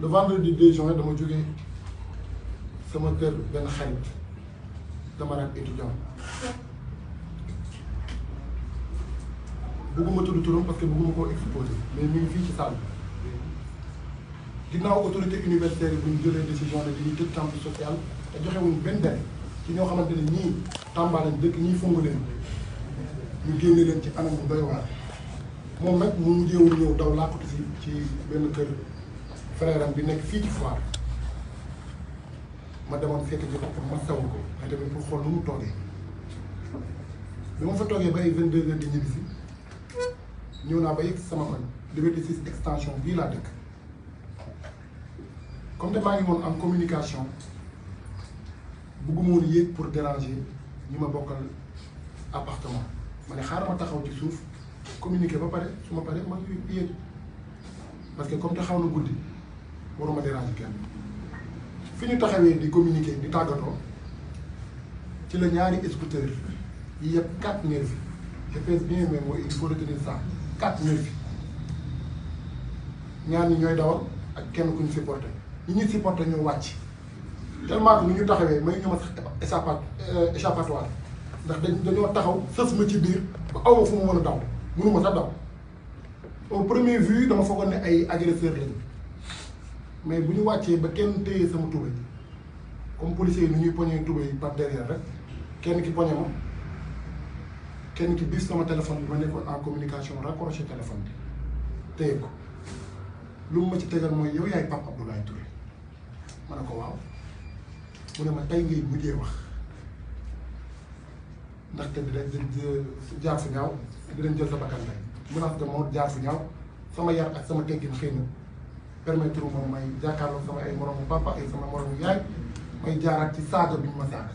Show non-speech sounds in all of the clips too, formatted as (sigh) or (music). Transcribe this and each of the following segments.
le vendredi 2 juin dama jógee sama kër benn xarit camarade étudiant bëgguma tudd turam parce que bëgguma koo exposé mais mi ngi fii ci salle bi ginnaaw autorité universitaire yi bu ñu jëlee décision ne dañuy tëj centre social te joxe wuñ ñoo xamante ne ñii Tamba lañ dëkk ñii fongu leen ñu génne leen ci anam bu doy waar mu mujjee woon daw làqatu si ci benn kër. frère bi nekk fii ci foire ma demoon fekk ji ko pour ma taw ko waaye tamit pour xool nu mu toogee bi ma fa toogee ba ay vingt deux heures di ñëw naa ba yegg sama man liberté six extension bii laa dëkk comme te maa ngi woon am communication bëgguma woon yéeg pour déranger ñi ma bokkal appartement ma ne xaaral ma taxaw ci suuf communiquer ba pare su ma paree ma yéeg parce que comme te xaw na guddi waruma déranger kenn fi ñu taxawee di communiquer di tàggatoo ci la ñaari scooter yi yëpp quatre nervis je pense bien mais mooy il faut retenir ça quatre nervis ñaar ñooy dawal ak kenn ku ñu supporté ñi ñuy supporté ñoo wàcc tellement que ni ñu taxawee may ñu ma sax euh, échappatoire ndax dañ dañoo taxaw sës ma ci biir ba aw ma fu ma mën a daw mënuma sax daw au premier vue dama foogoon ne ay agresseur lañu mais bu ñu wàccee ba kenn téye sama tubéy comme policier ni ñuy poñee tubéy par derrière rek kenn ki poñe ma kenn ki bis sama téléphone bi ma nekkoon en communication raccroché téléphone bi téye ko lu mu ma ci tegal mooy yow yaay Pape Abdoulaye Touré ma ne ko waaw mu ne ma tey ngay mujjee wax ndaxte di leen jaar fu ñaaw di leen jël sa bakkan lay menace de mort jaar fu ñaaw sama yar ak sama teggin xëy na permettre moom may jàkkaarloog sama ay moromu papa ay sama moromu yaay may jaaraat ci saaga bi ñu ma saaga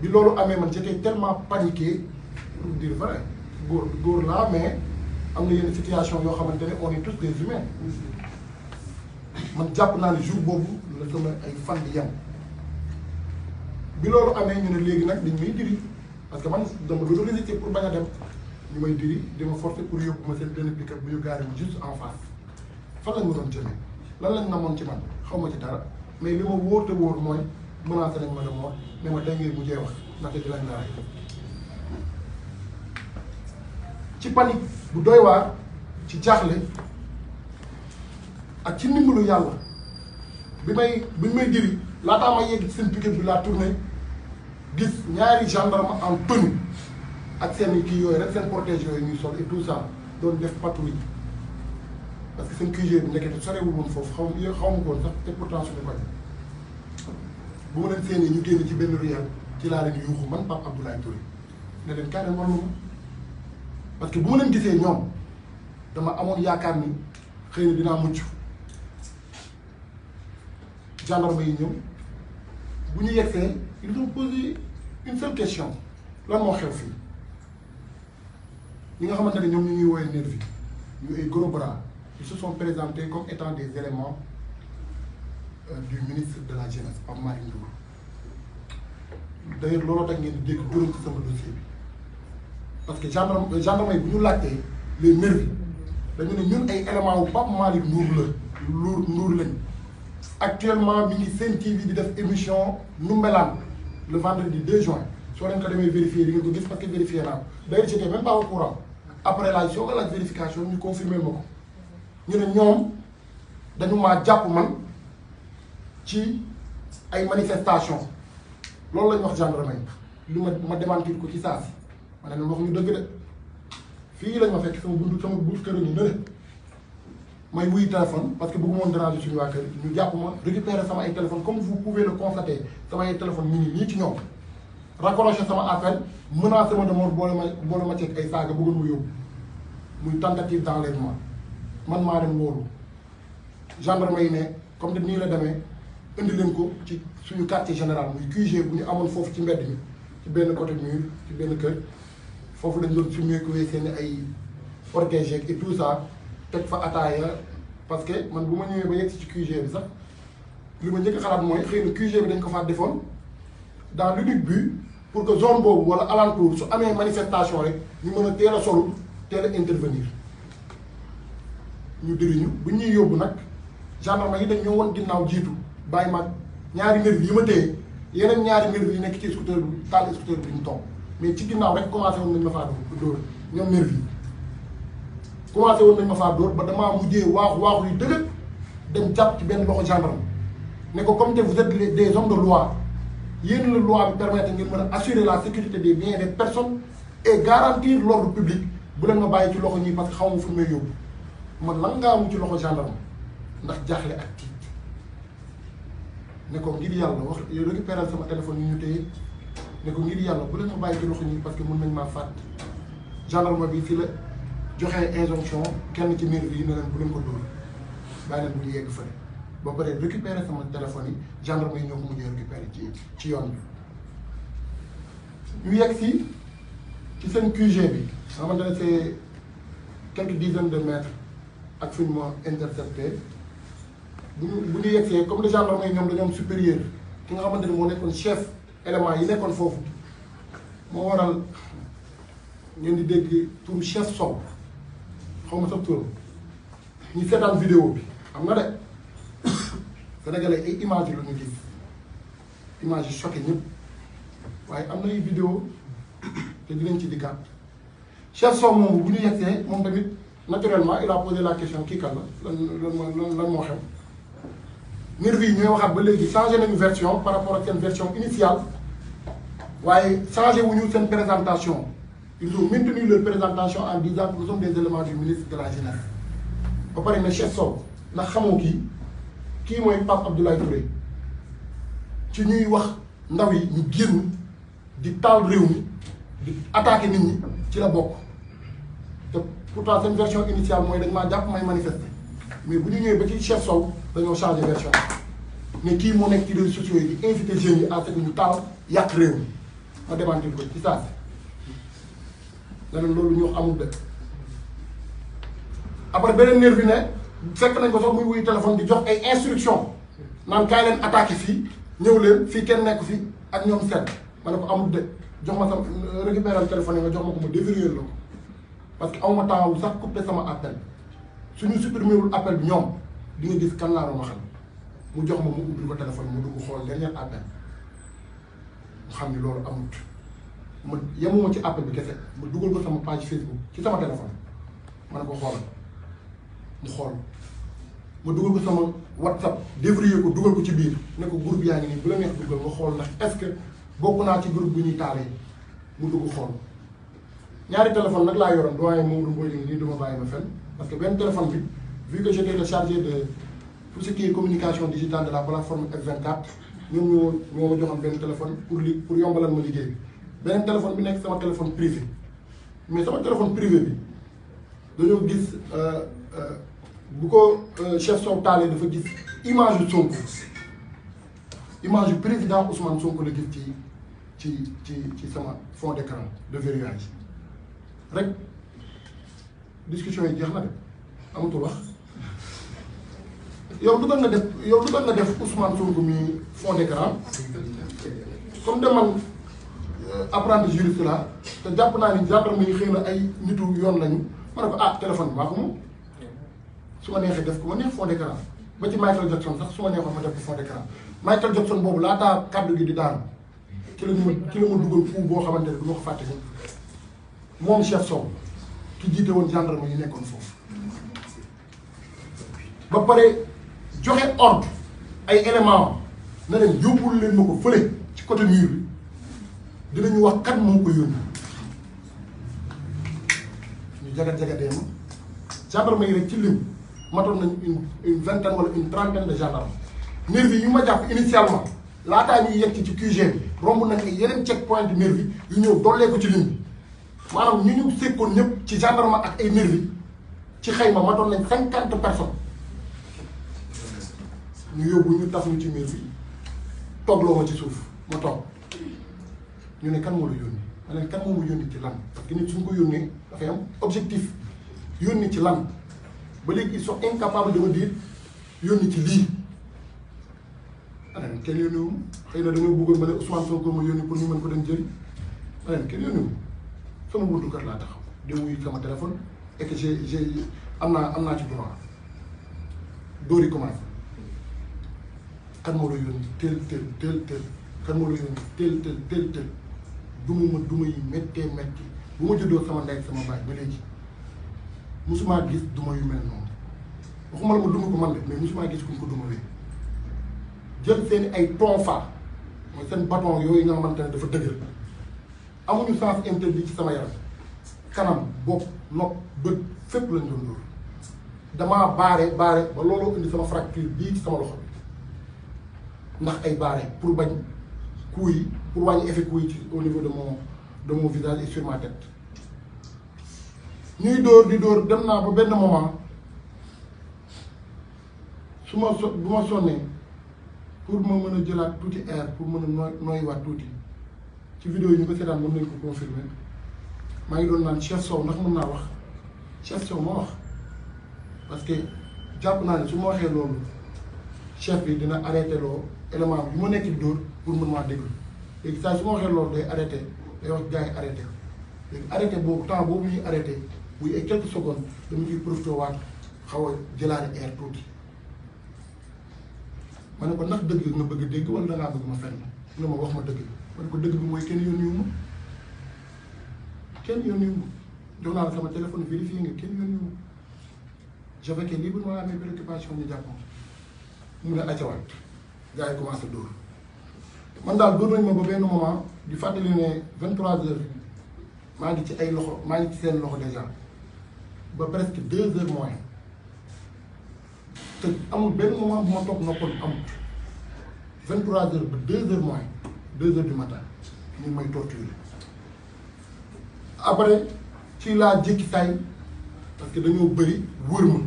bi loolu amee man j'étais tellement paniqué pour dire vrai góor góor laa mais am na yenn situation yoo xamante ne on est tous des humains man jàpp naa ne jour boobu la sama fan di yem bi loolu amee ñu ne léegi nag dañ may diri parce que man dama doon résister pour bañ a dem ñu may diri dama forcer pour yóbbu ma seen benn pick-up bu ñu gaaree juste en face fan lañ ma doon jëmee lan lañ namoon ci man xaw ma ci dara mais li ma wóor te wóor mooy menacé nañ ma ne moo ne ma dangay mujjee wax ndaxte di lañ daal ci panique bu doy waar ci jaaxle ak ci ndimbalu yàlla bi may bi may diri laataa ma yegg seen piquet bi laa tourné gis ñaari gendarme en tenue ak seen kii yooyu rek seen protège yooyu ñuy sol et tout ça doon def patrouille parce que seen QG bi nekkee sorewul woon foofu xaw ma xaw ma ko woon sax te pourtant suñu koñ bu ma leen seenee ñu génn ci benn ruyal ci laa leen yuuxu man Pape Abdoulaye Touré ne leen carrément war na ma parce que bu ma leen gisee ñoom dama amoon yaakaar ni xëy na dinaa mucc gendarme yi ñëw bu ñu yegsee ils ont posé une seule question lan moo xew fii ñi nga xamante ne ñoom ñu ñuy woowee nervi ñu ay gros bras ils se sont présentés comme étant des éléments euh, du ministre de la jeunesse Pape Malick Ndour d'ailleurs looloo tax ngeen di dégg juróom ci sama dossier parce que gendarme euh, gendarmerie bu ñu laajtee les nervis dañu ne ñun ay éléments wu Pape Malick Ndour la Ndour Ndour lañ actuellement mi ngi Sen TV di def émission Ndoumbelane le vendredi 2 juin soo leen ko demee vérifier di ngeen ko gis parce que vérifier naa ko d'ailleurs j'étais même pas au courant après la soog a laaj vérification ñu confirmer ma ñu ne ñoom dañu maa jàpp man ci ay manifestation loolu la ñu wax gendarmerie lu ma ma démentir ko ci saa si ma ne leen wax ñu dëgg de fii lañ ma fekk sama buntu sama buntu kër ñu nële may wuy parce que bëgguma woon déranger waa kër ñu jàpp ma récupérer sama ay téléphone comme vous pouvez le constater sama ay téléphone ñu ngi nii ci ñoom raccroché sama appel menacé ma de mort boole ma boole ma ceeg ay saaga bëggoon ma yóbbu muy tentative d'enlèvement man maa dem wóolu gendarme may ne comme de nii la demee indi leen ko ci suñu quartier général muy QG bu ñu amoon foofu ci mbedd mi ci benn côté mur ci benn kër foofu lañu doon suñu ko seen ay orgage et tout ça teg fa ataaya parce que man bu ma ñëwee ba yegg ci QG bi sax li ma njëkk xalaat mooy xëy na bi dañ ko fa defoon dans l'unique bi pour que zone boobu wala alentour su amee manifestation rek ñu mën a teel a solu teel a ñu diriñu bu ñuy yóbbu nag gendarme yi dañ ñoo woon ginnaaw jiitu bàyyi mag ñaari nervi yi ma téye yeneen ñaari nervi yi nekk ci scooter bi taal scooter bi ñu toog mais ci ginnaaw rek commencé woon nañ ma faa dóor ñoom nervi yi commencé woon nañ ma faa dóor ba damaa mujjee waax waaxu yu dëgër dem jàpp ci benn loxo gendarme ne ko comme te vous êtes des hommes de loi yéen la loi bi permettre ngeen mën a assurer la sécurité des biens des personnes et garantir l'ordre public bu leen ma bàyyi ci loxo ñi parce que xaw ma fu may yóbbu ma langaamu ci loxo gendarme ndax jaaxle ak tiit ne ko ngir yàlla wax récupéral sama téléphone yi ñu téye ne ko ngir yàlla bu leen ma bàyyi ci loxo ñi parce que mun nañ maa fàtt ma bi ci la joxe injonction kenn ci mairie yi ne leen bu leen ko dóor bàyyi leen bu ñu yegg fële ba pare récupéré sama téléphone yi gendarme yi ñoo ko mujjee récupéré ci ci yoon bi ñu yegg si ci seen QG bi nga ma ne c'est quelques dizaines de mètres ak fi ñu ma intercepté bu ñu bu ñu yegsee comme les gendarmes yi ñoom dañoo am supérieur ki nga xamante ni moo nekkoon chef élément yi nekkoon foofu moo waral ngeen di dégg turu chef Sow xaw ma sax turam ñu seetaan vidéo bi xam nga de sénégalais ay image yi la gis image yi waaye am na ay vidéo te dinañ ci dikkaat chef Sow moom bu ñu yegsee moom tamit. naturellement il la posé la question ki kan la lan lan lan moo xew. nervi yi ñooy waxaat ba léegi changé nañu version par rapport ak seen version initiale waaye changé wuñu seen présentation ils ont maintenu leur présentation en disant que nous sommes des éléments du ministre de la jeunesse. ba pare ne chef Sow ndax xamoo kii kii mooy Pape Abdoulaye Touré ci ñuy wax ndaw yi ñu génn di taal réew mi di attaquer nit ñi ci la bokk pourtant seen version initiale mooy dañ maa jàpp may manifester mais bu ñu ñëwee ba ci chef Sow dañoo changé version ne kii moo nekk ci réseaux yi di invité jeunes yi à ñu taal yàq réew ma démentir ko ci si leneen loolu ñu wax amul dëkk après beneen nerf bi ne fekk nañ ko sax muy wuy téléphone di jox ay instruction naan kaay leen attaqué fii ñëw leen fii kenn nekk fii ak ñoom seet ma ne ko amul dëkk jox ma sa récupéral téléphone yi nga jox ma ko ma déverrouiller la parce que aw ma temps wu sax coupé sama appel suñu supprimé wul appel bi ñoom di nga gis kan laa doon mu jox ma mu ubbi ko téléphone mu dugg xool dernier appel mu xam loolu amut ma yemuma ci appel bi kese ma dugal ko sama page Facebook ci sama téléphone ma ne ko xoolal mu xool ma dugal ko sama WhatsApp dévrier ko dugal ko ci biir ne ko groupe yaa ngi nii xool ndax est-ce que bokk naa ci groupe bu ñuy taalee mu dugg xool. ñaari téléphone nag laa yoroon doyen Mamadou Mboy li nii du ma bàyyi ma fenn parce que benn téléphone bi vu que de pour ce qui est communication digitale de la plateforme F24 ñoom ñoo ñoo ma joxoon benn téléphone pour li pour yombalal ma liggéey bi beneen téléphone bi nekk sama téléphone privé mais sama téléphone privé bi dañoo gis euh, euh, bu ko euh, chef Sow taalee dafa gis image yu Sonko image yu président Ousmane Sonko la gis ci ci ci ci sama fond d'écran de verrouillage rek discussion yi jeex na de amatul wax yow lu tax nga def yow lu tax nga def Ousmane Sonko mi fond d'écran comme de man euh, apprenti juriste la te jàpp naa ni gendarme yi xëy na ay nitu yoon lañu ma ne ko ah téléphone bi maa ko moom su ma neexee def ko ma neex fond d'écran ba ci Michael Jackson sax su ma neexoon ma def ko fond d'écran Michael Jackson boobu laataa kàddu gi di daanu ci la ñu ci la ma dugal fu boo xamante ne du ko fàtte ko moom chef Sow ki jiite woon gendarme yi nekkoon foofu ba pare joxe ordre ay éléments na leen yóbbul leen ma ko fële ci côté mur bi dinañu wax kat moo ko yónni ñu jagat jagatee ma gendarme yi rek ci lim matoon nañ une une vingtaine wala une trentaine de gendarme nervi yu ma jàpp initialement laataa ñuy yegg ci QG bi romb nañ ay yeneen check point nervi yu ñëw dollee ko ci lim maanaam ñu ñu sékkoon ñëpp ci ma ak ay nervi ci ma matoon nañ cinquante personnes ñu yóbbu ñu taf ñu ci mur bi toogloo ci suuf ma toog ñu ne kan moo la yónni ma ne kan moo ma yónni ci lan parce que nit suñ ko yónnee dafay am objectif yónni ci lan ba léegi ils sont incapables de me yónni ci lii ma ne kenn yónniwum xëy na dañoo nga bëggoon ma ne Ousmane Sonko ma yónni pour ñu mën ko dem jëli ma ne kenn yónniwum sama buntu kër laa taxaw di wuyu sama téléphone et que j'ai am naa am naa ci droit dóori commencé kan moo la yónni teel teel teel teel kan moo la yónni ma du ma yi méttee métti bu ma juddoo sama ndey sama baay ba léegi musuma gis duma yu mel noonu waxuma la ma duma ko man de mais musuma gis kuñ ko dumawee jël seen ay tonfa mooy seen bâton yooyu nga xamante ne dafa dëgër amuñu sens interdit ci sama yaram kanam bopp nopp bët fépp lañ doon dóor damaa baare baare ba looloo indi sama fracture bii ci sama loxo ndax ay baare pour bañ coup yi pour wàññi effet coup yi ci au niveau de mon de visage et ñuy dóor di dóor dem naa ba benn moment su ma so bu ma sonnee pour ma mën a jëlaat tuuti air pour mën a nooy nooyiwaat tuuti. ci vidéo yi ñu ko seetaan mën nañ ko confirmer maa ngi doon naan Cheikh Sow ndax mën naa wax Cheikh Sow ma wax parce que jàpp naa ne su ma waxee loolu chef bi dina arrêté loo élément bi ma nekk di dóor pour mën maa déglu léegi saa su ma waxee loolu day arrêté day wax gars yi arrêté léegi arrêté boobu temps boobu ñuy arrêté buy ay quelques secondes dama ciy profité waat xaw a jëlaat air tuuti ma ne ko ndax dëgg ma bëgg dégg wala da ngaa bëgg ma fenn mu ne ma wax ma dëgg. ma ko dëgg bi mooy kenn yónniwuma kenn yónniwuma jox naa la sama téléphone vérifié nga kenn yónniwuma j'avais que libre maa amee préoccupation ñu jàpp mu ne acawaat gars yi commencé dóor man daal dóor nañ ma ba benn moment di fàttali ne vingt trois heures maa ngi ci ay loxo maa ngi ci seen loxo déjà ba presque deux heures moins te amul benn moment bu ma toog noppalu amul vingt trois heures ba deux heures moins deux heures du matin ñu may torturer après ci laa jékki tay parce que dañoo bëri wër ma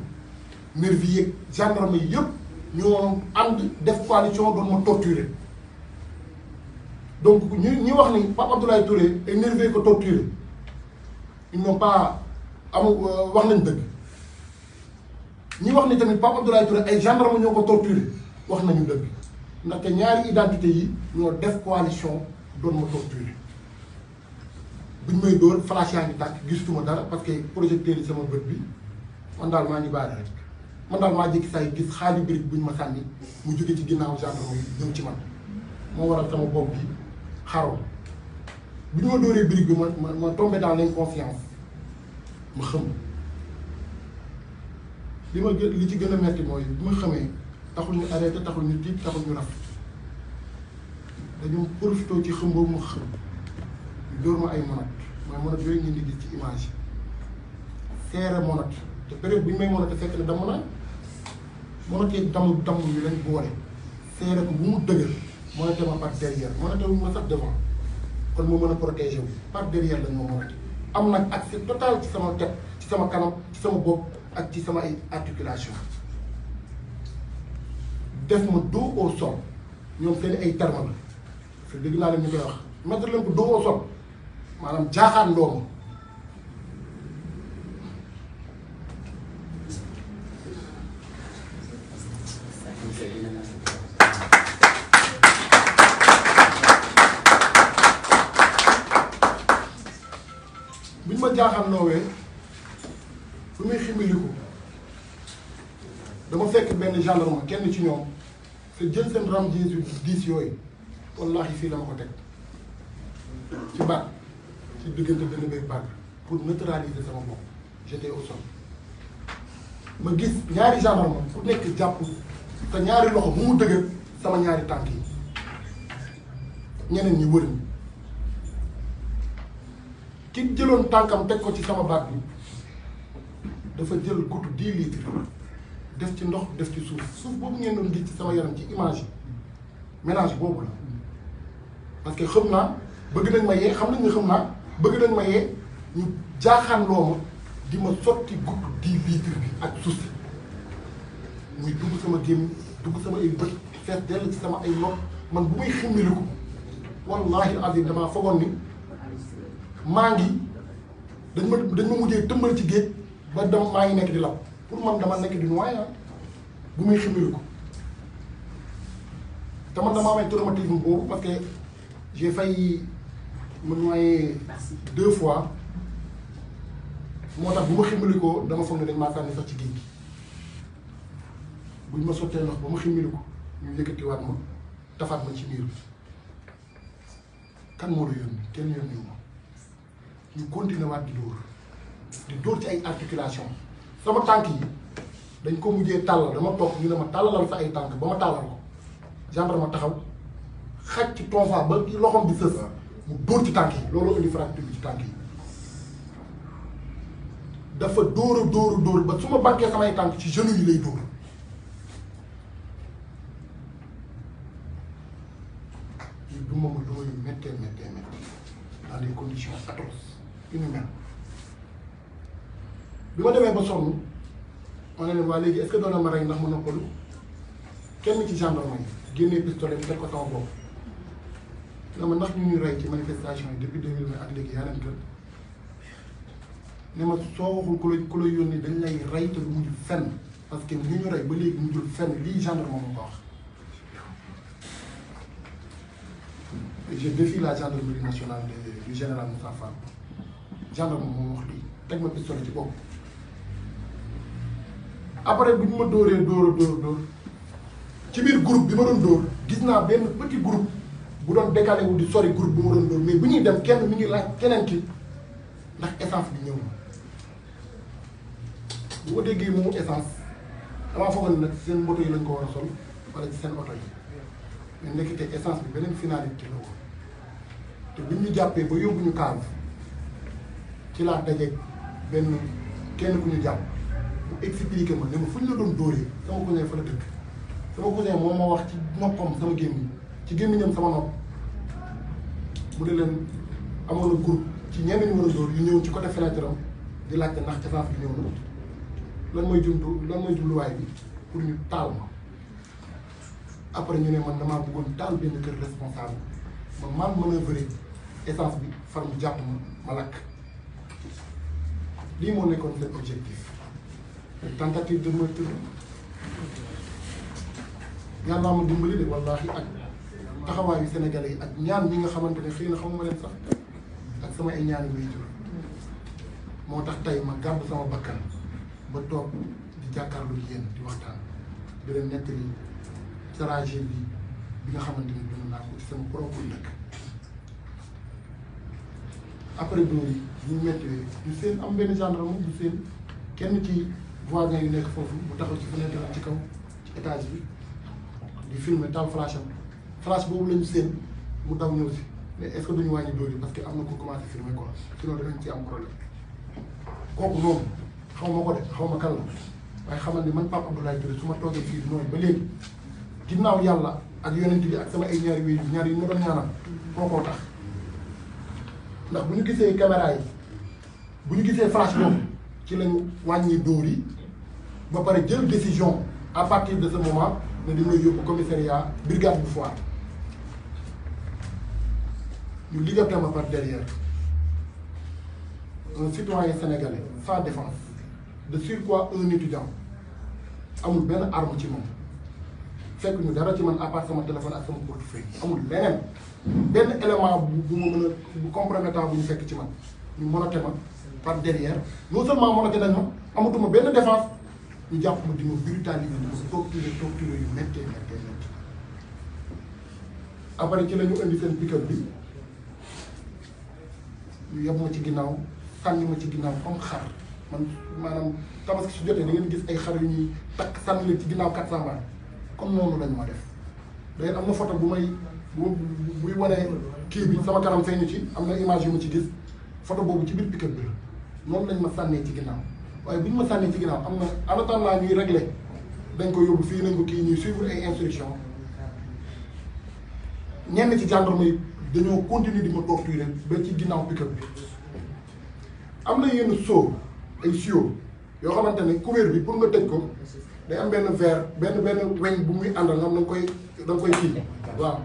nervi yeeg gendarme yi yëpp ñoo ànd def coalition doon ma torturer donc ñu ñi wax ni Pape Abdoulaye Touré ay nervi ko torturer ils n'ont pas amul euh, wax nañ dëgg ñu wax ni tamit Pape Abdoulaye Touré ay gendarme ñoo ko torturer wax nañu dëgg. naka ñaari identité yi ñoo def coalition doon ma torturer buñ may dóor flash yaa ngi tàkk gisatuma dara parce que projecteur yi sama bët bi man daal maa ngi baare rek man daal maa jékki saa yi gis xaali birig buñ ma sànni mu jóge ci ginnaaw gendarmerie ñëw ci man moo waral sama bopp bi xaroon bi ma dóoree birig bi ma ma ma tombé dans l'inconfiance ma xam li ma gë li ci gën a metti mooy bi ma xamee. taxul ñu arrêté taxul ñu tiit taxul ñu raf dañu profité ci xëm boobu mu xëm dóor ma ay monat mooy monat yooyu ngeen di gis ci image yi seere monat te période bi ñu may monat fekk na damm naa monat yi damm damm yu leen boole seere ko bu mu dëgër monaté ma par derrière monaté ma sax devant kon moo mën a protégé wu par derrière lañ ma monaté am nag accès total ci sama tête ci sama kanam ci sama bopp ak ci sama ay articulation def ma dos au sol ñoom seen ay terme la parce que dégg naa leen koy wax mettre leen ko dos au sol maanaam jaaxaan loolu bi ñu ma jaaxaan loowee bu muy ximiliku dama fekk benn gendarme kenn ci ñoom te jël seen ram ji diis yooyu wallahi fii la ma ko teg ci baat ci diggante dënn bay baat pour neutraliser sama bopp j'étais au ma gis ñaari gendarme ku nekk jàpp te ñaari loxo bu mu dëgër sama ñaari tànk yi ñeneen ñi wër ñi ki jëloon tànkam teg ko ci sama baat bi dafa jël gutu dix def ci ndox def ci suuf suuf boobu ngeen doon gis ci sama yaram ci image yi boobu la parce que xam naa bëgg nañ ma yee xam nañ nga xam naa bëgg nañ ma yee ñu jaaxaan loo ma di ma sotti gudd dix litres bi ak suuf si muy dugg sama gémmiñ dugg sama ay bët fees dell ci sama ay nopp man bu muy ximmiliku wallahi azim damaa fogoon ni maa ngi dañ ma dañ ma mujjee tëmbal ci géej ba dem maa ngi nekk di law pour man dama nekk di noyyi ah, bu muy ximil ko te man dama amee boobu parce que j'ai failli deux fois moo tax bu ma ximil dama foog ne dañ maa sànni sax ci géej gi buñ ma sottee ndox ba ma ximil ñu yëkkatiwaat ma tafaat ma ci miir bi kan moo la yónni kenn yónniwu ma ñu continuer di dóor di dóor ci ay articulation sama tànk yi dañ ko mujjee tàllal dama toog ñu ne ma tàllalal sa ay tànk ba ma tàllal ko gendarme ma taxaw xaj ci tonfa ba loxoom bi sës mu dóor ci tànk yi looloo indi fracture bi ci tànk yi dafa dóor a dóor ba su ma bànkee samay tànk ci genoux yi lay dóor ñu duma ma duma yu méttee méttee méttee dans des conditions atroces inhumaines bi ma demee ba sonn ma ne leen léegi est-ce ma rey ndax ma noppalu kenn ci gendarme yi génnee pistolet bi teg ko sama bopp na ma ndax ñu ñuy rey ci manifestation yi depuis deux mille vingt ak léegi yaa leen gën ne ma soo waxul ku la dañ lay rey te du mujj que ñu ba léegi mujjul fenn lii gendarme moo ko wax. je défie la gendarmerie nationale du général Moussa lii teg ma pistolet ci bopp. après bi ñu ma dóoree dóor dóor ci biir groupe bi ma doon dóor gis naa benn petit groupe bu doon décalé wu di sori groupe bi ma doon dóor mais bu ñuy dem kenn mi ngi laaj keneen ki ndax essence bi ñëw na bu ko déggee moomu essence damaa foogoon nag seen moto yi lañ ko war a sol wala seen oto yi mais nekkite essence bi beneen finalité la woon te bu ñu jàppee ba yóbbu ñu kaam ci laa dajeeg benn kenn ku ñu jàpp. expliqué ma ne ma fu ñu la doon dóoree sama cousin fa la dëkk sama cousin moom ma wax ci noppam sama gémmiñ ci gémmiñam sama nopp mu ne leen amoon na groupe ci ñenn ñu war a dóor yu ñëw ci côté fenêtre am di laajte ndax cafaaf gi ñëw na lan mooy jum lan mooy jubluwaay bi pour ñu taal ma après ñu ne man damaa bëggoon taal benn kër responsable ma man manœuvrer essence bi far mu jàpp ma lakk lii moo nekkoon seen objectif tentative de meurtre yàlla ma dimbali de wallaahi ak taxawaayu sénégalais yi ak ñaan ñi nga xamante ne xëy na xamuma leen sax ak sama ay ñaan yu moo tax tey ma gàmb sama bakkan ba toog di jàkkaarlu yéen di waxtaan di leen nettali trajet yi bi nga xamante ne dund naa ko ci sama propre dëkk après dóor yi ñu metti du seen am benn gendarme du seen kenn ci voisins yu nekk foofu mu taxaw ci fenêtre ci kaw ci étage bi di filmer taal flash am flash boobu lañu seen mu daw ñëw si mais est wàññi dóor yi parce que am na ko commencé filmer quoi sinon dinañ ci am problème kooku noonu xaw ma ko xaw ma kan la waaye xamal ni man Pape Abdoulaye Touré su ma toogee fii noonu ba léegi ginnaaw yàlla ak yonent bi ak sama ay ñaari wéy ñaar yi ma doon ñaanal moo bu ñu gisee caméra ñu gisee flash boobu ci wàññi dóor yi ba pare jël décision à partir de ce moment ne dañ lay yóbbu commissariat brigade bu Foire ñu ligoté ma par derrière un citoyen sénégalais sans défense de surcroît un étudiant amul benn arme ci moom fekk ñu dara ci man à part sama téléphone ak sama portefeuille amul leneen benn élément bu bu ma mën a bu compromettant bu ñu fekk ci man ñu monoté ma par derrière non seulement monoté nañ ma amatuma benn défense. ñu jàpp ma di ma brutaliser di ma torturer torturer yu méttee méttee métti après ci la ñu seen pick-up bi ñu yóbbu ci ginnaaw sànni ma ci ginnaaw comme xar man maanaam tabaski su jotee na ngeen gis ay xar yu ñuy takk sànni leen ci ginnaaw 400 baa comme noonu lañ ma def day am na photo bu may bu buy wane kii bi sama kanam feeñu ci am na image yu ma ci gis photo boobu ci biir pick-up bi moom noonu lañ ma sànnee ci ginnaaw. waaye bu ñu ma sànnee ci ginnaaw am na en attendant ñuy régler dañ koy yóbbu fii nañ ko kii ñuy suivre ay instructions ñenn ci gendarme yi dañoo continuer di ma torturer ba ci ginnaaw pick bi am na yenn soo ay sio yoo xamante ne couvert bi pour nga tëj ko day am benn verre benn benn weñ bu muy àndal nga koy da nga koy kii waaw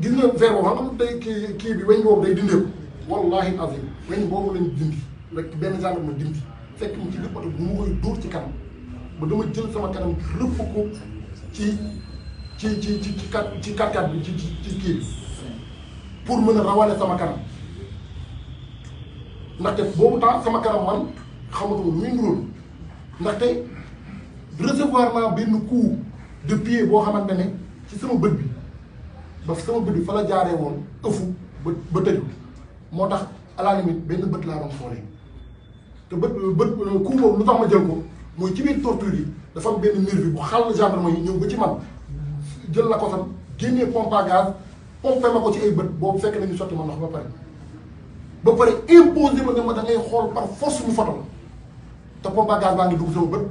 gis nga verre boobu xam nga day kii kii bi weñ boobu day dindeeku wallahi azim weñ boobu lañ dindi rek benn gendarme dindi fekk mu ci biir oto bi mu koy dóor ci kanam ba dama jël sama kanam rëpp ko ci ci ci ci ci kat ci bi ci ci kii pour mën a rawale sama kanam ndaxte boobu temps sama kanam man xamatuma lu muy niróol ndaxte recevoir naa benn coup de pied boo xamante ne ci sama bët bi ba sama bët bi fa la jaaree woon ëfu ba ba tëju moo tax à benn bët laa doon xoolee. te bët bët coup boobu lu tax ma jël ko mooy ci biir torture yi dafa am benn nervi bu xàll gendarme yi ñëw ba ci man jël la ko tam génnee pompe à gaz pompe ma ko ci ay bët boobu fekk nañu sotti ma ndox ba pare ba pare imposé ma ne ma da xool par force ñu foto te pompe à baa ngi dugg sama bët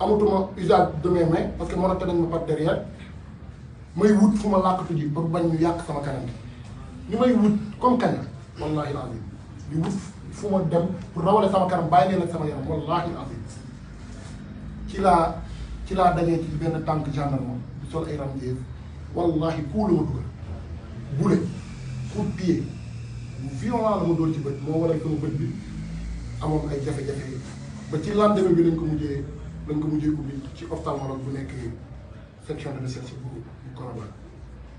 amatuma usage de mes mains parce que mënate nañ ma par derrière may wut fu ma làqatu ba pour bañ ñu yàq sama kanam bi ñu may wut comme kañ la wallaahi laa di fu ma dem pour rawale sama kanam bàyyi leen ak sama yaram wallaahi azim ci laa ci laa dajee ci benn tànk gendarme bu sol ay ramjees wallaahi kuul ma dugal bule coup de pied bu la ma dóor ci bët moo waral sama bët bi amoon ay jafe-jafe ba ci lendemain bi lañ ko mujjee lañ ko mujjee ubbi ci ophtalmologue bu nekk section de recherche bu bu Colobane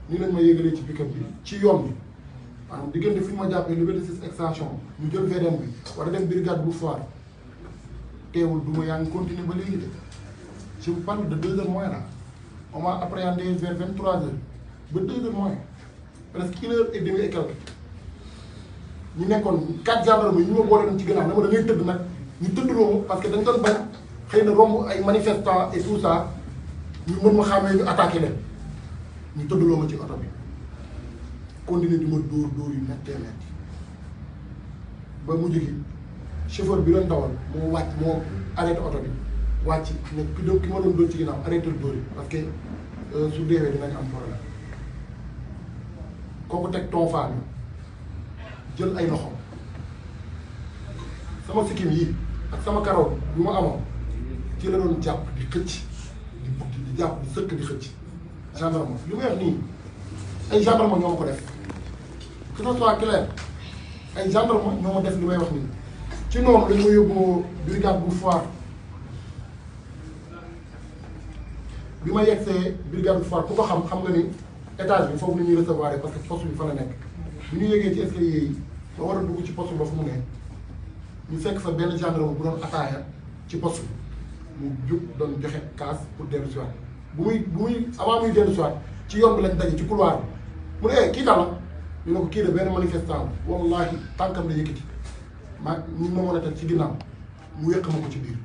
ni lañ ma yëgalee ci pick bi ci yoon bi maanaam diggante fi a ma jàppee liberté six extension ñu jël VDN bi war a dem brigade bu foire teewul du ma yaa ngi continuer ba léegi de je vous parle de deux heures moins là on vingt trois heures ba deux heures presque une heure et demie et quelques ñu nekkoon quatre gendarmes yi ñu ma boole woon ci gànnaaw dama da ngay tëdd nag ñu tëddloo ma parce que dañ doon bañ xëy na romb ay manifestants et tout ça ñu mën ma xàmmee ñu attaqué leen ñu tëddloo ma ci oto bi. continuer di ma dóor dóor yu méttee métti ba mujj gi chauffeur bi doon dawal moo wàcc moo arrêté oto bi wàcc ne ki doon ki ma doon dóor ci ginnaaw arrêté dóor yi parce que euh, su deewee dinañ am problème kooku teg tonfaa jël ay loxo sama sikkim yi ak sama karoot yu ma amoon ci la doon jàpp di xëcc di bugg di jàpp di sëkk di xëcc gendarme li may wax nii ay gendarme ñoo ko def que ce soit clair ay gendarme ñoo ma def li may wax nii ci noonu dañ ma yóbbu brigade bu foire bi ma yegsee brigade bu foire ku ko xam xam nga ni étage bi foofu la ñuy recevoir parce que poste bi fa la nekk bi ñu yéegee ci escalier yi ma war a dugg ci poste ba fu mu ne ñu fekk fa benn gendarme bu doon ataaya ci poste bi mu jub doon joxe kaas pour dellu si bu muy bu muy avant muy dellu si ci yoon bi lañ daje ci couloir mu ne eh, kii daal ñu ne ko kii de benn manifestant wallahi tànkam la yëkkati maa ma mën a teg ci ginnaaw mu yëq ma ko ci biir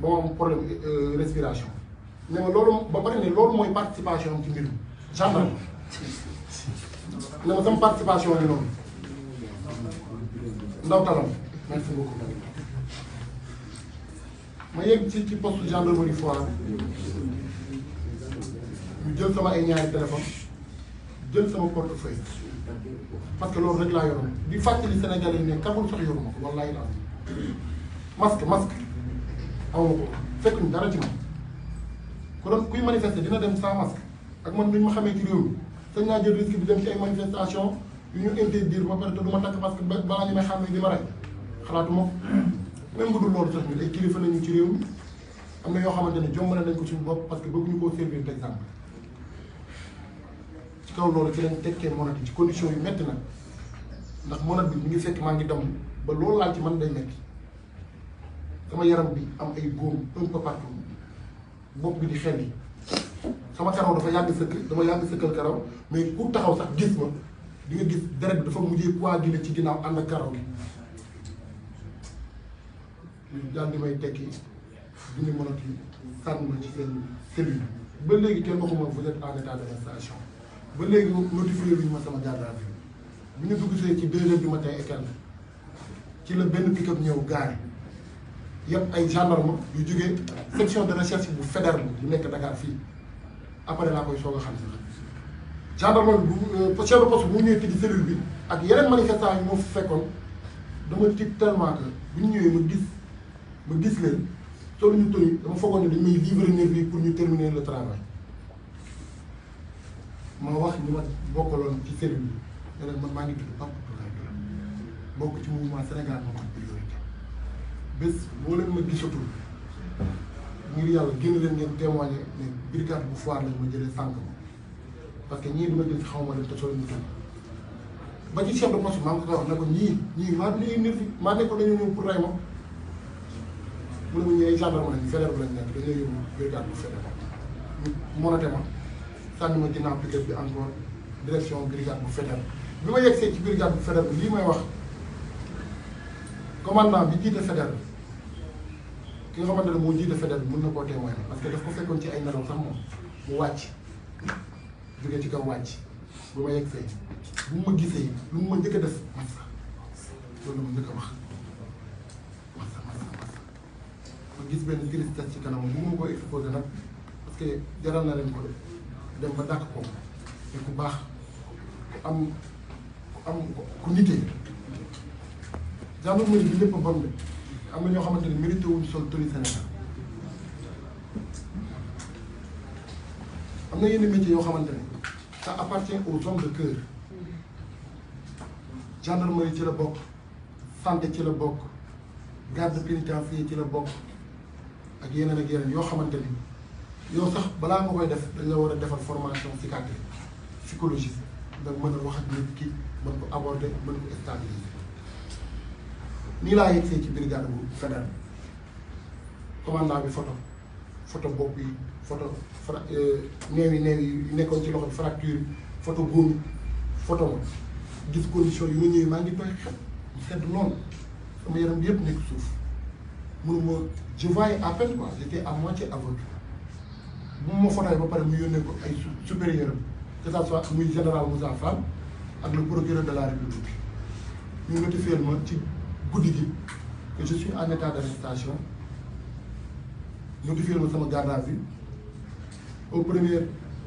ba ma euh, respiration ne ma loolu ba pare ne loolu mooy participation am ci mbir mi gendarme ne ma sama participation ne noonu ndaw talam merci beaucoup ma yegg ci ci poste gendarmerie foire ñu jël sama ay ñaari téléphone jël sama portefeuille parce que loolu rek laa yoroon di fàttali Sénégalais yi ne kagul sax yoruma ko wallaahi laa masque masque awma ko fekk ñu dara ci man ku doon kuy manifester dina dem sans masque ak man ni ma xamee ci réew mi sañ naa jël risque bi dem ci ay manifestation yu ñu interdire ba pare te du ma takk masque balaa ñu may xàmmee di ma rey xalaatu ma même bu dul loolu sax ñu ay kilifa nañu ci réew mi am na yoo xamante ne jombale nañ ko suñu bopp parce que bëgguñu koo servir kaw loolu ci lañ tekkee monat yi ci condition yu métti nag ndax monat bi mu ngi fekk maa ngi dem ba loolu laal ci man day métti sama yaram bi am ay góom un peu partout bopp bi di xel yi sama karaw dafa yàgg sëkk dama yàgg sëkkal karaw mais ku taxaw sax gis ma di nga gis deret bi dafa mujjee coaguler ci ginnaaw ànd ak karaw gi ñu daal di may tekki dindi monat yi sànni ma ci seen cellule ba léegi kenn waxuma vous êtes en état d'arrestation ba léegi notifié bi ñu ma sama jaar daal bi ñu dugg see ci deux heures du matin et ci la benn pick-up ñëw gaare yëpp ay gendarme yu jógee section de recherche bu fédéral bu nekk Dakar fii après laa koy soog xam si gendarme bu euh, chef de poste bu mu ñëwee tijji cellule bi ak yeneen manifestant yi moo fekkoon dama tiit tellement que bu ñu ñëwee ma gis ma gis leen soo ñu tëj dama foogoon ne dañ may vivre nervi pour ñu terminer le travail. ma wax ñi ma bokkaloon ci cellule bi ne leen maa ngi tudd Pape Abdoulaye Touré bokk ci mouvement Sénégal Moment Priorité bés boo leen ma gisatul ngir yàlla génn leen ngeen témoigner ne brigade bu foire lañ ma jëlee sànq ma parce que ñii dama jël xaw ma leen te soo leen ñu ba ci chef de poste maa ngi ko wax ne ko ñii ñii maa ngi nuyu maa nekkoon dañoo ñëw pour rey ma mu ne ma ñëwee gendarme lañ fédéral lañ nekk dañoo yóbbu brigade bu fédéral ñu monote ma. sànni ma ginnaaw bi encore direction brigade bu Faidherbe bi ma yegsee ci brigade bu Faidherbe lii may wax commandant bi jiite Faidherbe ki nga xamante ne moo jiite Faidherbe mën na koo témoigner parce que daf ko fekkoon ci ay nelaw sax moom mu wàcc jóge ci kaw wàcc bi ma yegsee bu ma gisee lu mu ma njëkk a def massa wax massa massa massa ma gis benn tristesse ci kanam bu ma ko exposé nag parce que jaral na leen ko def dem ba dàq ko te ku baax ku am ku am ku nitee gendarmerie bi lépp bon de am na ñoo xamante ne mérité wuñ sol toli Sénégal am na yenn métiers yoo xamante ne ça appartient aux hommes de cœur gendarmerie ci la bokk santé ci la bokk garde pénitentiaire ci la bokk ak yeneen ak yeneen yoo xamante ni yow sax balaa nga koy def dañ la war a defar formation psychiatrie psychologie nga mën a wax ak nit ki mën ko aborder mën ko stabiliser nii laa yegsee ci brigade bu fédéral commandant bi photo photo bopp yi photo fra euh, néew yi néew yi nekkoon ci loxo fracture yi photo góom photo ma gis condition yu ma ñëwee maa ngi doy xel mu sedd lool sama yaram bi yëpp nekk suuf mënuma je voyais à peine quoi j'étais à moitié aveugle moom ma fonaay ba pare mu yónnee ko ay supérieur am que ça soit muy général Moussa Fall ak le procureur de la République ñu notifié ma ci guddi gi que je suis en état d'arrestation notifié ma sama garde à vue au premier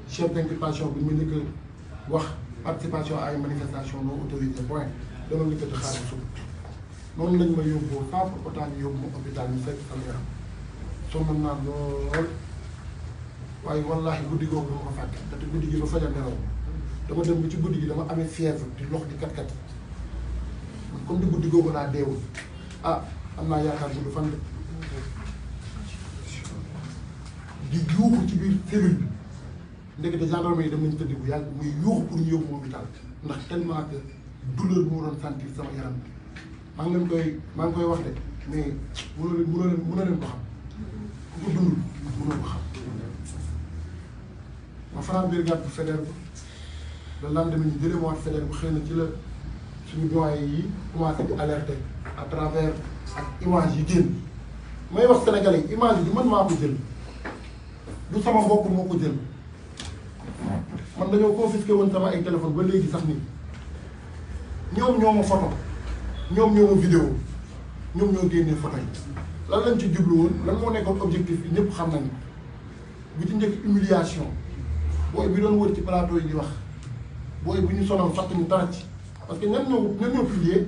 chef d'inculpation bi mu ne que wax participation à une manifestation non autorisée point dama ngi tëdd xaaral suuf noonu lañ soo mën naa lool waaye wallaahi guddi googu dama ko fàtte te guddi gi ba fajar nelaw dama dem ba ci guddi gi dama amee fièvre di lox di kat-kat man comme di guddi googu laa deewul ah am naa yaakaar bu du fan di yuuxu ci biir cellule bi ndekete gendarme yi dem nañu tëdd bu yàgg muy yuuxu pour ñu yóbbu hôpital ndax tellement que douleur bi ma doon sentir sama yaram bi maa ngi leen koy maa ngi koy wax de mais mënoo leen mënoo leen mënoo leen ko xam ku ko dundul mënoo ko xam ma fanaan biir gàtt bu Faidherbe le lendemain ñu jëlee ma waat Faidherbe xëy na ci la suñu doyen yi commencé may wax sénégalais image yi du man maa ko jël du sama mbokk moo ko jël man dañoo confisqué woon sama ay téléphone ba léegi sax nii ñoom ñoo ma photo ñoom ñoo ma ñoom ñoo génnee photo yi lan lañ ci jublu woon lan moo nekkoon objectif bi ñëpp xam nañu bu ci njëkk humiliation booy bi doon wër ci plateau yi di wax booy bu ñu sonal fàtte ñu dara ci parce que ñan ñoo ñan ñoo publier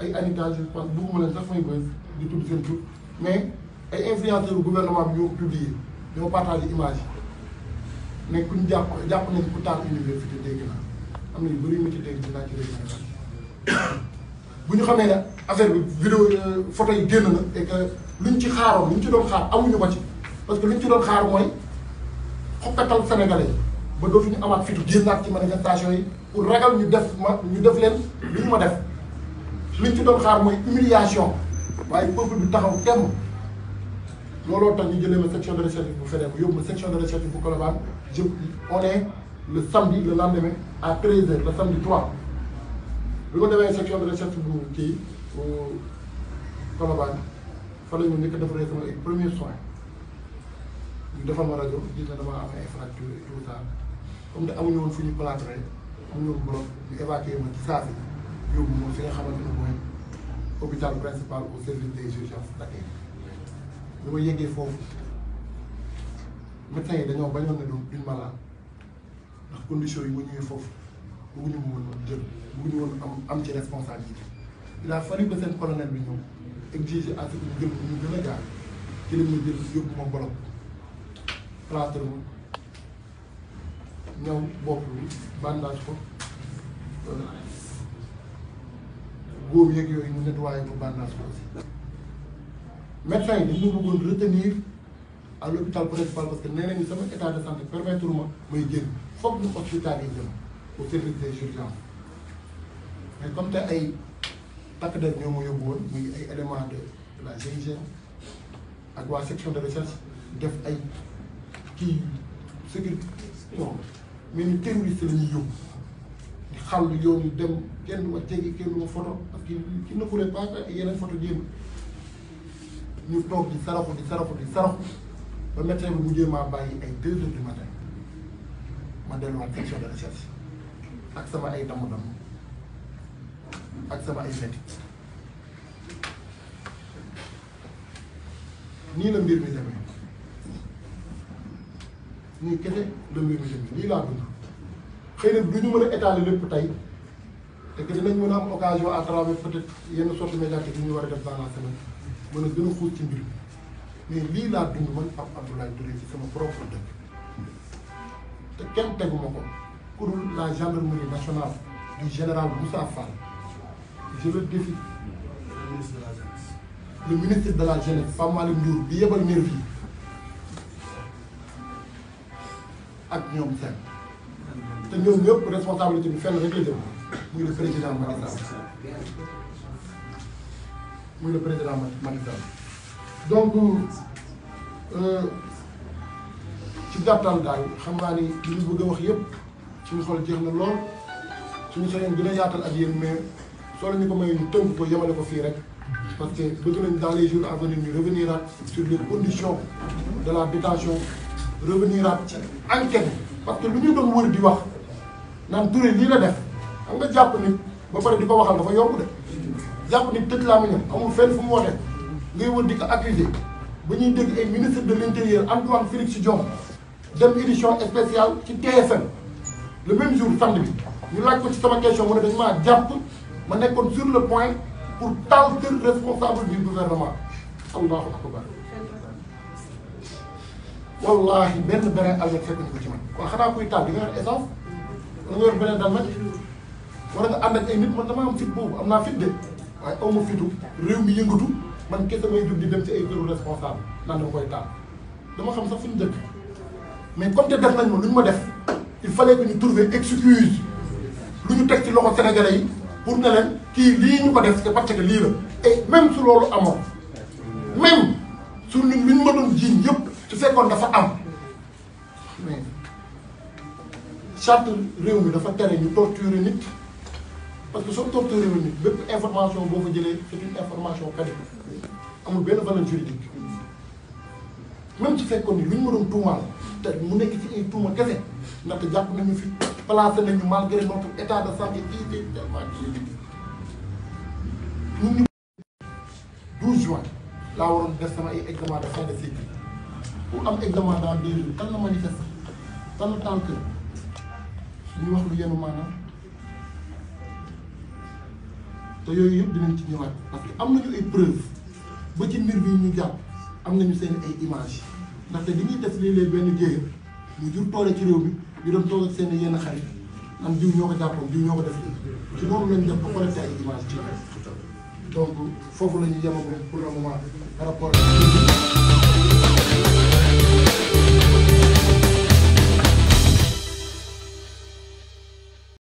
ay anitages je pense bëgguma leen sax may bëri di tudd seen mais ay influenceurs gouvernement bi ñoo ko publier ñoo partagé image yi mais ku jàpp jàpp nañ taal université dégg naa am na yu bëri yu ci dégg dinaa ci dégg (coughs) bu ñu xamee ne affaire bi vidéo euh, photo yi génn na et que ci xaaroon luñ ci doon xaar amuñu ko ci parce que luñ ci doon xaar mooy xoppetal sénégalais yi ba dootuñu amaat fitu génnaat ci manifestation yi pour ragal ñu def ma ñu def leen li ñu ma def liñ ci doon xaar mooy humiliation waaye peuple bi taxaw temm looloo tax ñu jëlee ma section de recherche bu feneen bu yóbbu ma section de recherche bu Colobane je on est le samedi le lendemain à 13h le samedi 3 bi ma demee section de recherche bu kii bu Colobane fa la ñu njëkk a defaree sama ay premiers soins ñu defal ma rajo gis na dama am ay comme que amuñu woon fu ñu plâtrer amuñu woon bloc ñu évacué ma ci saa si yóbbu moom fi nga xamante ne mooy hôpital principal au service des urgences Dakar li ma yeggee foofu médecins yi dañoo bañoon ne doon duñ malade ndax conditions yi ma ñëwee foofu bëgguñu ma woon jël bëgguñu woon am am ci responsabilité il a fallu que bi ñëw exiger à ce jël ñu gën a gaal ci li ma jël yóbbu ma bloc plâtre ma ñëw bopp bi bandage ko euh, góob yeeg yooyu mu nettoyé ko bandage ko aussi. médecin yi dañu bëggoon retenir à l'hôpital principal parce que nee nañu sama état de santé permettre ma may jël foog ñu hospital yi jëm au service comme te ay takk der ñoo ma yóbbu woon muy ay éléments de la GIGN ak waa section de recherche def ay kii sécurité non mais ñu terroriste la ñuy yóbbu di xàll yoon yu dem kenn du ma jege kenn ma photo parce que ki ne voulait pas que photo jéem ñu toog di saraxu di saraxu di saraxu ba médecin bi mujjee maa bàyyi ay deux heures du matin ma delluwaat section de recherche ak sama ay damm-damm ak sama ay métit nii la mbir mi demee. nii kese la mbir mi demee nii laa dund xëy na du ñu mën a étaler lépp tey te que dinañ mën a am occasion à travers peut-être yenn sorte médiatique yi ñu war a def dans la semaine a gën ci mbir mais lii laa dund man Pape Abdoulaye Touré ci sama propre te kenn tegu ma ko ku dul la gendarmerie nationale du général Moussa Fall je le défie le ministre de la ministre de la jeunesse Pape Malick Ndour bi yebal nervi ak ñoom seen te ñoom ñëpp responsabilité bi fenn rek muy le président Macky Sall muy le président Macky Sall donc euh, ci gàttal daal xam naa ni li ñu bëgg a wax yëpp suñu xool jeex na lool suñu sañoon gën a yaatal ak yéen mais soo leen ñu ko mayee ñu tënk ko yemale ko fii rek parce que bëgg nañ dans les jours à venir ñu revenir ak sur les conditions de revenir at ci enquête parce que lu ñu doon wër di wax naan Touré lii la def xam nga jàpp nit ba pare di ko waxal dafa yomb de jàpp nit tëj laa miñam amul fenn fu mu wootee ngay wër di ko accuser ba ñuy dégg ay ministre de l'intérieur Antoine Félix Diome dem édition spéciale ci TFM le même jour samedi bi ñu laaj ko ci sama question mu ne dañu maa jàpp ma nekkoon sur le point pour tal kër responsable du gouvernement allahu akbar wallahi benn beneen almet fekkuñu ko ci man kon xanaa kuy taal di nga yor essence wala nga yor beneen almet wala nga ànd ak ay nit man damaa am fit boobu am naa fit de waaye aw ma fitu réew mi yëngatu man kese may jug di dem ci ay këru responsable naan dama koy taal dama xam sax fu ñu dëkk mais comme te def nañ ma lu ñu ma def il fallait que ñu trouver excuse lu ñu teg ci loxo sénégalais yi pour ne kii lii ñu ko def c'est parce que lii la et même su loolu amoon même ma doon jiiñ su fekkoon dafa am mais charte réew mi dafa tere ñu torturer nit parce que soo torturer nit bépp information boo ko jëlee c'est information qualifiée amul benn valeur juridique même su fekkoon ni lu ñu ma doon tuumaal te mu nekk ci ay tuuma kese ndaxte jàpp nañu fi placé nañu malgré notre état de santé fii de tellement ñun ñu 12 juin laa waroon def sama ay de fin de cycle ku am examen dans deux jours kan la manifeste tant tant que ñu wax lu yenu maanaam te yooyu yëpp dinañ ci ñëwaat parce que am nañu ay preuve ba ci mbir bi ñu jàpp am nañu seen ay image ndaxte li ñuy def léeg-léeg benn jéeg mu jur toole ci réew mi ñu dem toog ak seen yenn xarit am diw ñoo ko jàppoon diw ñoo ko def ci loolu lañ def ba collecté ay image ci donc foofu la ñu yemagum pour le moment par rapport